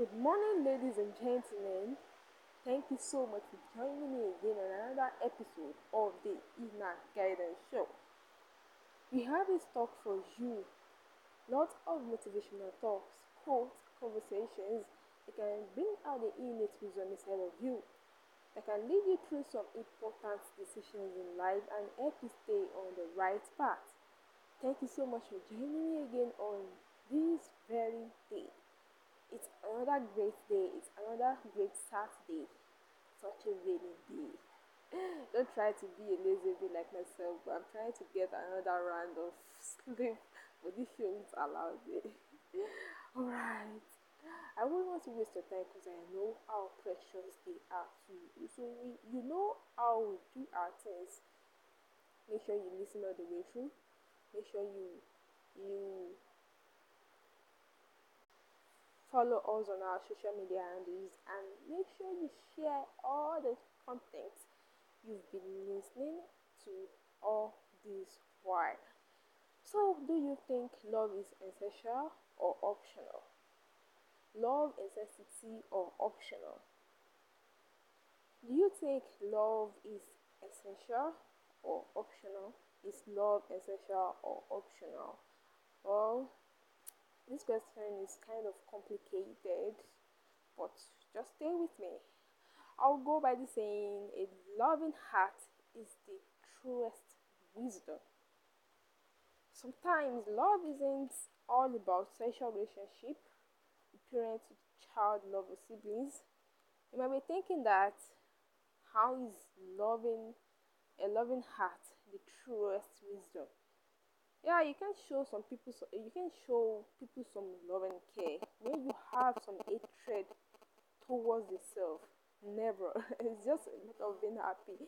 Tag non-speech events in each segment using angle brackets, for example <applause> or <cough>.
Good morning, ladies and gentlemen. Thank you so much for joining me again on another episode of the Inner Guidance Show. We have a talk for you. Lots of motivational talks, quotes, conversations that can bring out the innate wisdom inside of you, that can lead you through some important decisions in life and help you stay on the right path. Thank you so much for joining me again on this very day. It's another great day. It's another great Saturday. Such a rainy day. <laughs> Don't try to be a lazy bee like myself, but I'm trying to get another round of <laughs> sleep, but this show won't allow me. Alright. I wouldn't want to waste your time because I know how precious they are to you. So we, you know how we do our things. Make sure you listen all the way through. Make sure you you follow us on our social media handles and make sure you share all the content you've been listening to all this while. So, do you think love is essential or optional? Love essential necessity or optional? Do you think love is essential or optional? Is love essential or optional? Well, this question is kind of complicated, but just stay with me. I'll go by the saying a loving heart is the truest wisdom. Sometimes love isn't all about sexual relationship, parent to child love or siblings. You might be thinking that how is loving a loving heart the truest wisdom? yeah you can show some people so, you can show people some love and care when you have some hatred towards yourself never <laughs> it's just a matter of being happy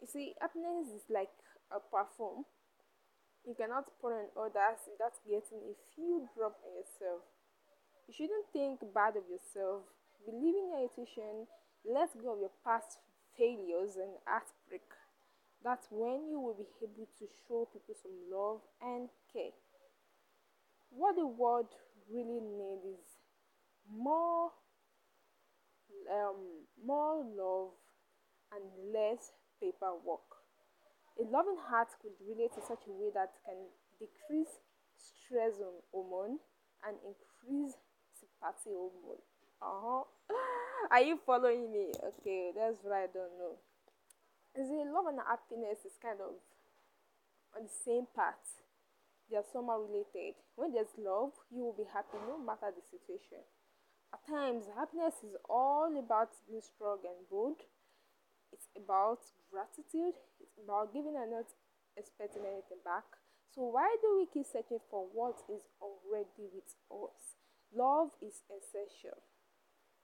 you see happiness is like a perfume you cannot pour on others without getting a few drop in yourself you shouldn't think bad of yourself believe in your intuition let go of your past failures and heartbreak that's when you will be able to show people some love and care. What the world really needs is more, um, more love and less paperwork. A loving heart could relate in such a way that can decrease stress on hormone and increase sympathy hormone. Uh-huh. <laughs> Are you following me? Okay, that's what I don't know. I love and happiness is kind of on the same path. They are somehow related. When there's love, you will be happy no matter the situation. At times, happiness is all about being strong and bold. It's about gratitude. It's about giving and not expecting anything back. So why do we keep searching for what is already with us? Love is essential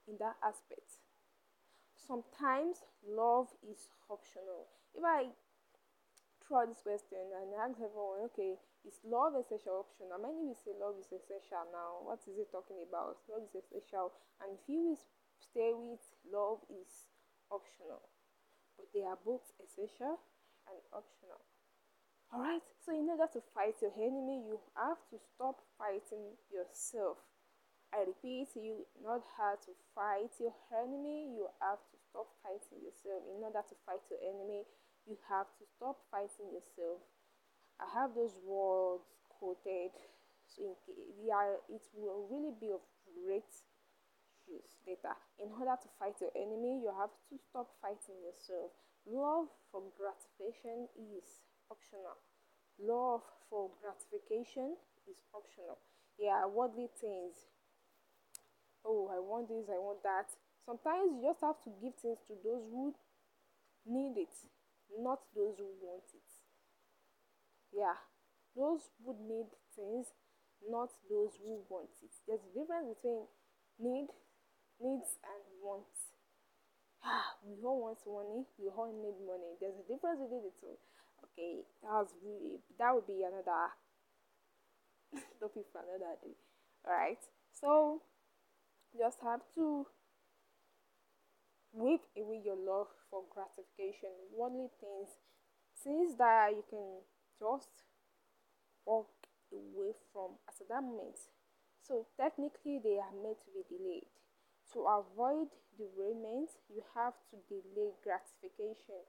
in that aspect sometimes love is optional. If I throw this question and ask everyone, okay, is love essential optional? Many will say love is essential now. What is it talking about? Love is essential. And if you stay with love is optional. But they are both essential and optional. Alright, so in order to fight your enemy, you have to stop fighting yourself. I repeat, you not have to fight your enemy. You have to stop fighting yourself. In order to fight your enemy, you have to stop fighting yourself. I have those words quoted, so it will really be of great use later. In order to fight your enemy, you have to stop fighting yourself. Love for gratification is optional. Love for gratification is optional. Yeah, worldly things oh i want this i want that sometimes you just have to give things to those who need it not those who want it yeah those who need things not those who want it there's a difference between need needs and wants ah, we all want money we all need money there's a difference between the two okay that's that would be another topic for another day all right so just have to wave away your love for gratification, worldly things, things that you can just walk away from at that moment. So technically, they are meant to be delayed. To avoid derailment, you have to delay gratification.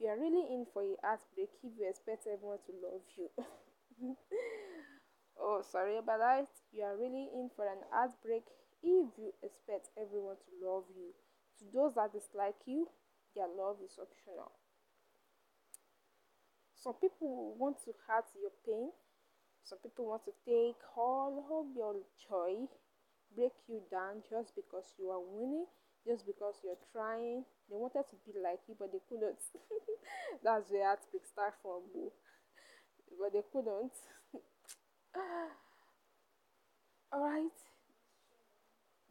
You are really in for a heartbreak if you expect everyone to love you. <laughs> oh, sorry about that. You are really in for an heartbreak if you expect everyone to love you, to those that dislike you, their love is optional. Some people want to hurt your pain. Some people want to take all of your joy, break you down just because you are winning, just because you're trying. They wanted to be like you, but they couldn't. <laughs> That's where heartbreak start from, But they couldn't.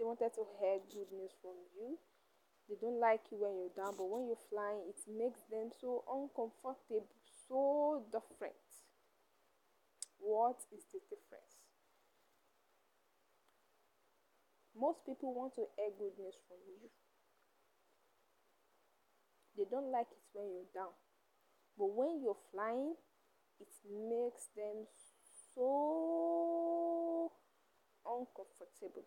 wanted to hear good news from you. They don't like you when you're down, but when you're flying, it makes them so uncomfortable, so different. What is the difference? Most people want to hear good news from you. They don't like it when you're down. But when you're flying, it makes them so uncomfortable.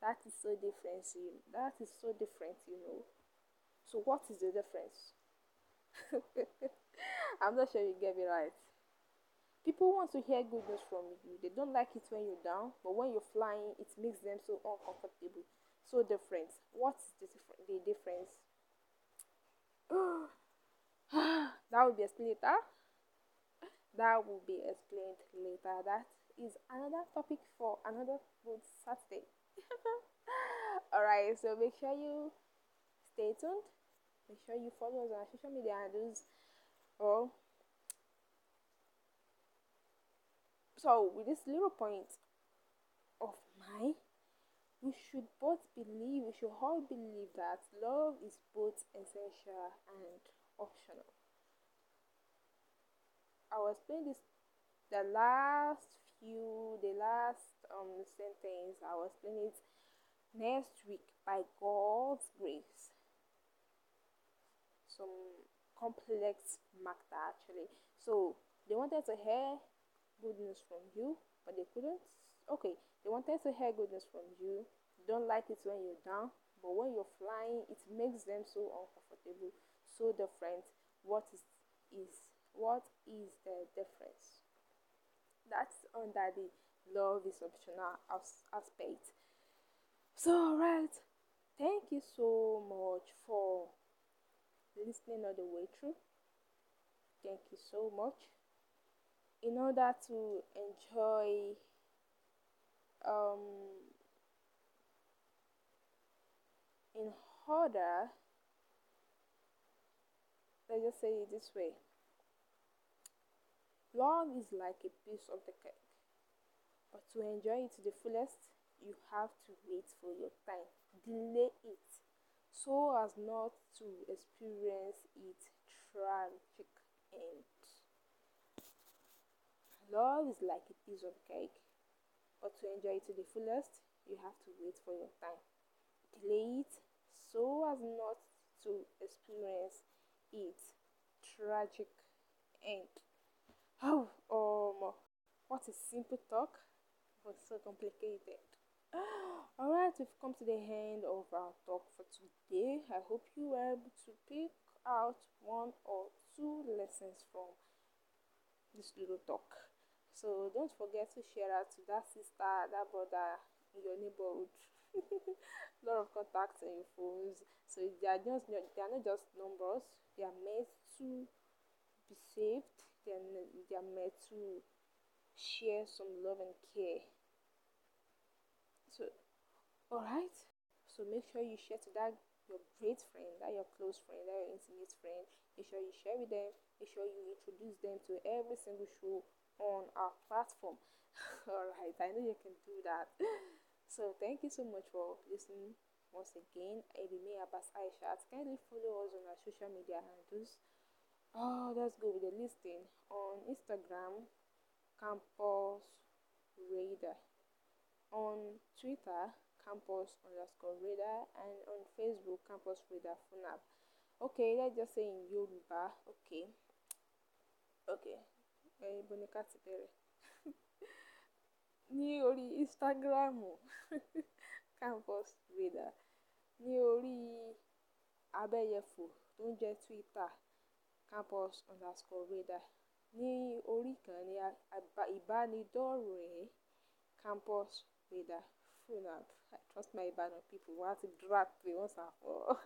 That is so different. That is so different, you know. So what is the difference? <laughs> I'm not sure you get me right. People want to hear good news from you. They don't like it when you're down, but when you're flying, it makes them so uncomfortable, so different. What's the, dif- the difference? <sighs> that will be explained later. That will be explained later. That is another topic for another good Saturday. <laughs> Alright, so make sure you stay tuned. Make sure you follow us on social media handles. Or so with this little point of mine, we should both believe, we should all believe that love is both essential and optional. I was playing this the last you the last um sentence i was explain it next week by god's grace some complex matter actually so they wanted to hear good news from you but they couldn't okay they wanted to hear good news from you don't like it when you're down but when you're flying it makes them so uncomfortable so different what is is what is the difference that's under the love is optional as- aspect. So, alright, thank you so much for listening all the way through. Thank you so much. In order to enjoy um, in order, let's just say it this way. Love is like a piece of the cake, but to enjoy it to the fullest, you have to wait for your time. Delay it so as not to experience its tragic end. Love is like a piece of cake, but to enjoy it to the fullest, you have to wait for your time. Delay it so as not to experience its tragic end. Oh, um, a simple talk was so complicated. <gasps> All right, we've come to the end of our talk for today. I hope you were able to pick out one or two lessons from this little talk. So don't forget to share out to that sister, that brother in your neighborhood. a <laughs> lot of contacts and phones. So they are just they are not just numbers. They are meant to be saved then they're meant to share some love and care. So, alright? So make sure you share to that your great friend, that your close friend, that your intimate friend. Make sure you share with them. Make sure you introduce them to every single show on our platform. <laughs> Alright, I know you can do that. <laughs> So thank you so much for listening once again. I remain Abbas Aisha. Kindly follow us on our social media handles. Oh, let's go with the listing on Instagram Campus Raider. on Twitter Campus underscore Raider, and on Facebook Campus Raider Funab. Okay, let's just say in Yoruba. Okay, okay. Eh, Bonika ti bẹ̀rẹ̀. <laughs> ní orí Instagram <laughs> Campus Radar, ní orí abẹ́yẹfò tó ń jẹ́ Twitter campus underscore radar ní orí ìkànnì ìbánidọ́rẹ̀ẹ́ campus radar Funab. I trust my Ibadan people. Wọ́n á ti drag pé once and for all.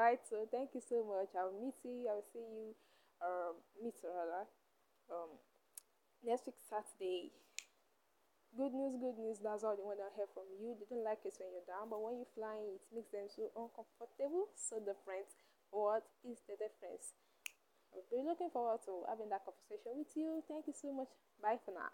right, so thank you so much. I will meet you. I will see you. Um, meet rather. Um, next week Saturday. Good news, good news. That's all they want to hear from you. They don't like it when you're down, but when you're flying, it makes them so uncomfortable, so different what is the difference? I'll be looking forward to having that conversation with you. Thank you so much. Bye for now.